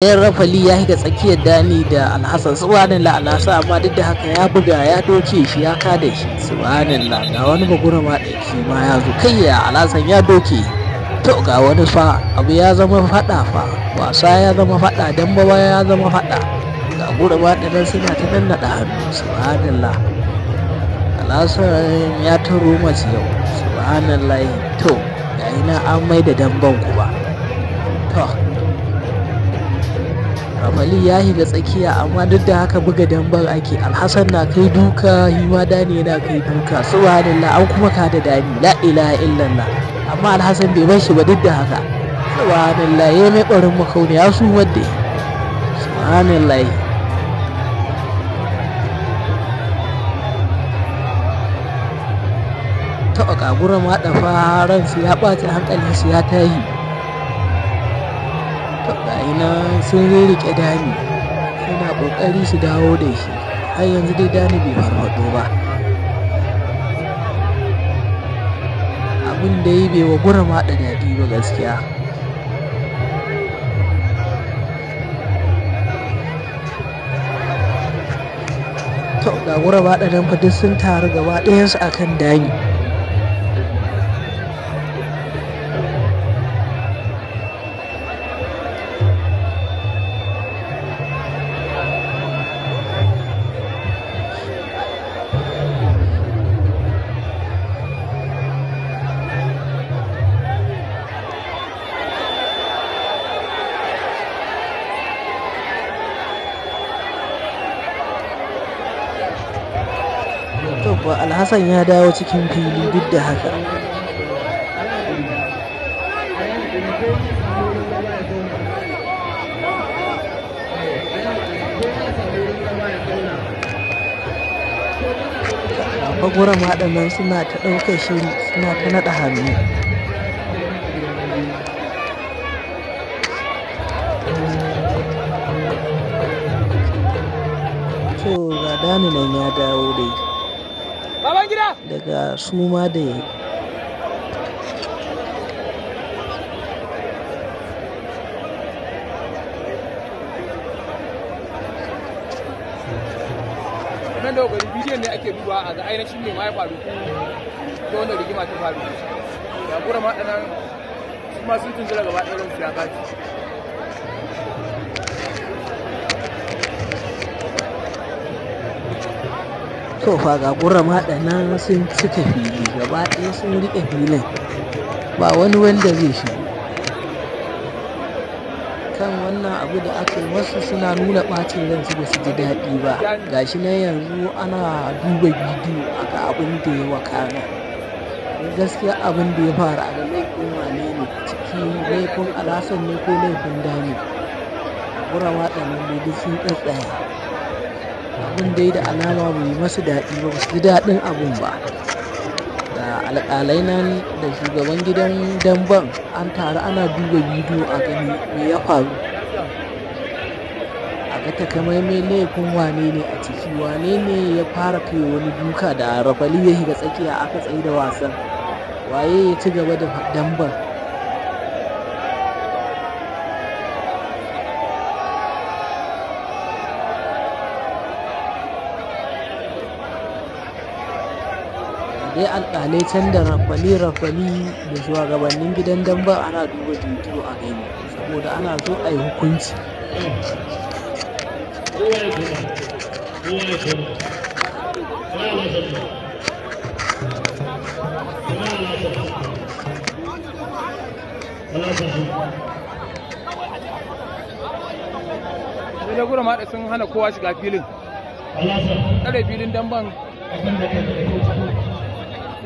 Bayan rafali ya shiga tsakiyar Dani da Alhassan subhanallah Alhassan amma duk da haka ya buga ya doke shi ya kada shi subhanallah ga wani bagura ma shi ma ya zo kai ya Alhassan ya doke to ga wani fa abu ya zama fada fa wasa ya zama fada dan baba ya zama fada ga gura ma nan suna ta nannaɗa hannu subhanallah Alhassan ya taro mace yau subhanallah to ga ina an mai da damban kuma. ba amali ya shiga tsakiya amma duk da haka buga dambar ake alhassan na kai duka hima dani yana kai duka subhanallah an kuma ka da dani la ilaha illallah amma alhassan bai bar shi ba duk da haka subhanallah ya mai barin makauni ya su wadda subhanallah taɓa kagura ma dafa ransu ya ɓata su ya tahi ina sun rirriƙe dami suna ƙoƙari su dawo da shi har yanzu dai dami bai farfaɗo ba abin da yi bai wa gura da daɗi ba gaskiya to ga gura maɗa nan fa duk sun taru gaba ɗayansu akan dami babba alhassan ya dawo cikin fili duk da haka bagwara waɗannan suna ta ɗauka shiri suna ta naɗa hannu to ga dani nan ya dawo dai daga suma da ya nan da wani bidiyon ne ake duba a ga ainihin mai ya faru ko wanda rigima ta faru kura ma su gaba ɗaurin su to fa ga ƙurama nan sun cika fili gaba ɗaya sun riƙe filin ba wani wanda zai shigo kan wannan abu da aka masu wasu suna nuna ɓacin su ba su ji daɗi ba gashi nan yanzu ana duba bidiyo aka abin da ya wakana gaskiya abin da ya fara a laifin wane ne ciki laifin alasan ne ko laifin dani gurama ɗanen sun tsatsaya abin dai da alama bai masu daɗi ba ba su ji daɗin abin ba da alƙalai nan da shugaban gidan damban an taru ana duba bidiyo a gani me ya faru a ga takamaimai laifin wane ne a ciki wane ne ya fara kai wani duka da rafali ya shiga tsakiya aka tsaye da wasan waye ya ci gaba da damban sai alƙalai can da rafali rafali da shugabannin gidan damba ana duba bidiyo a gani saboda ana so a yi hukunci na gura ma sun hana kowa shiga filin tsare filin damban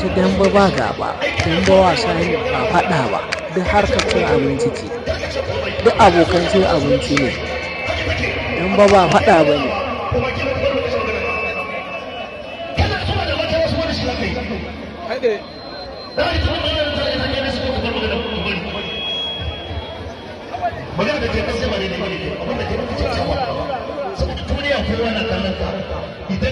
ta dambe ba gaba dambe wasa ne ba faɗa ba duk harkar cin abinci ce duk abokan cin abinci ne dambe ba faɗa ba ne magana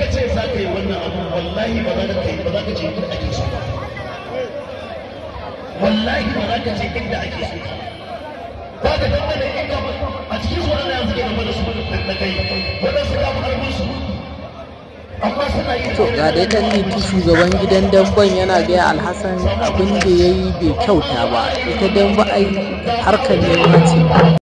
ka ce za ka yi wannan abu wallahi ba za ka yi ba za ka ce inda ake so wallahi ba za ka ce inda ake so ba ka da inda a cikin su da su da kai su to ga dai shugaban gidan damben yana gaya alhassan abin da ya yi bai kyauta ba ita dan ai harkar ne ce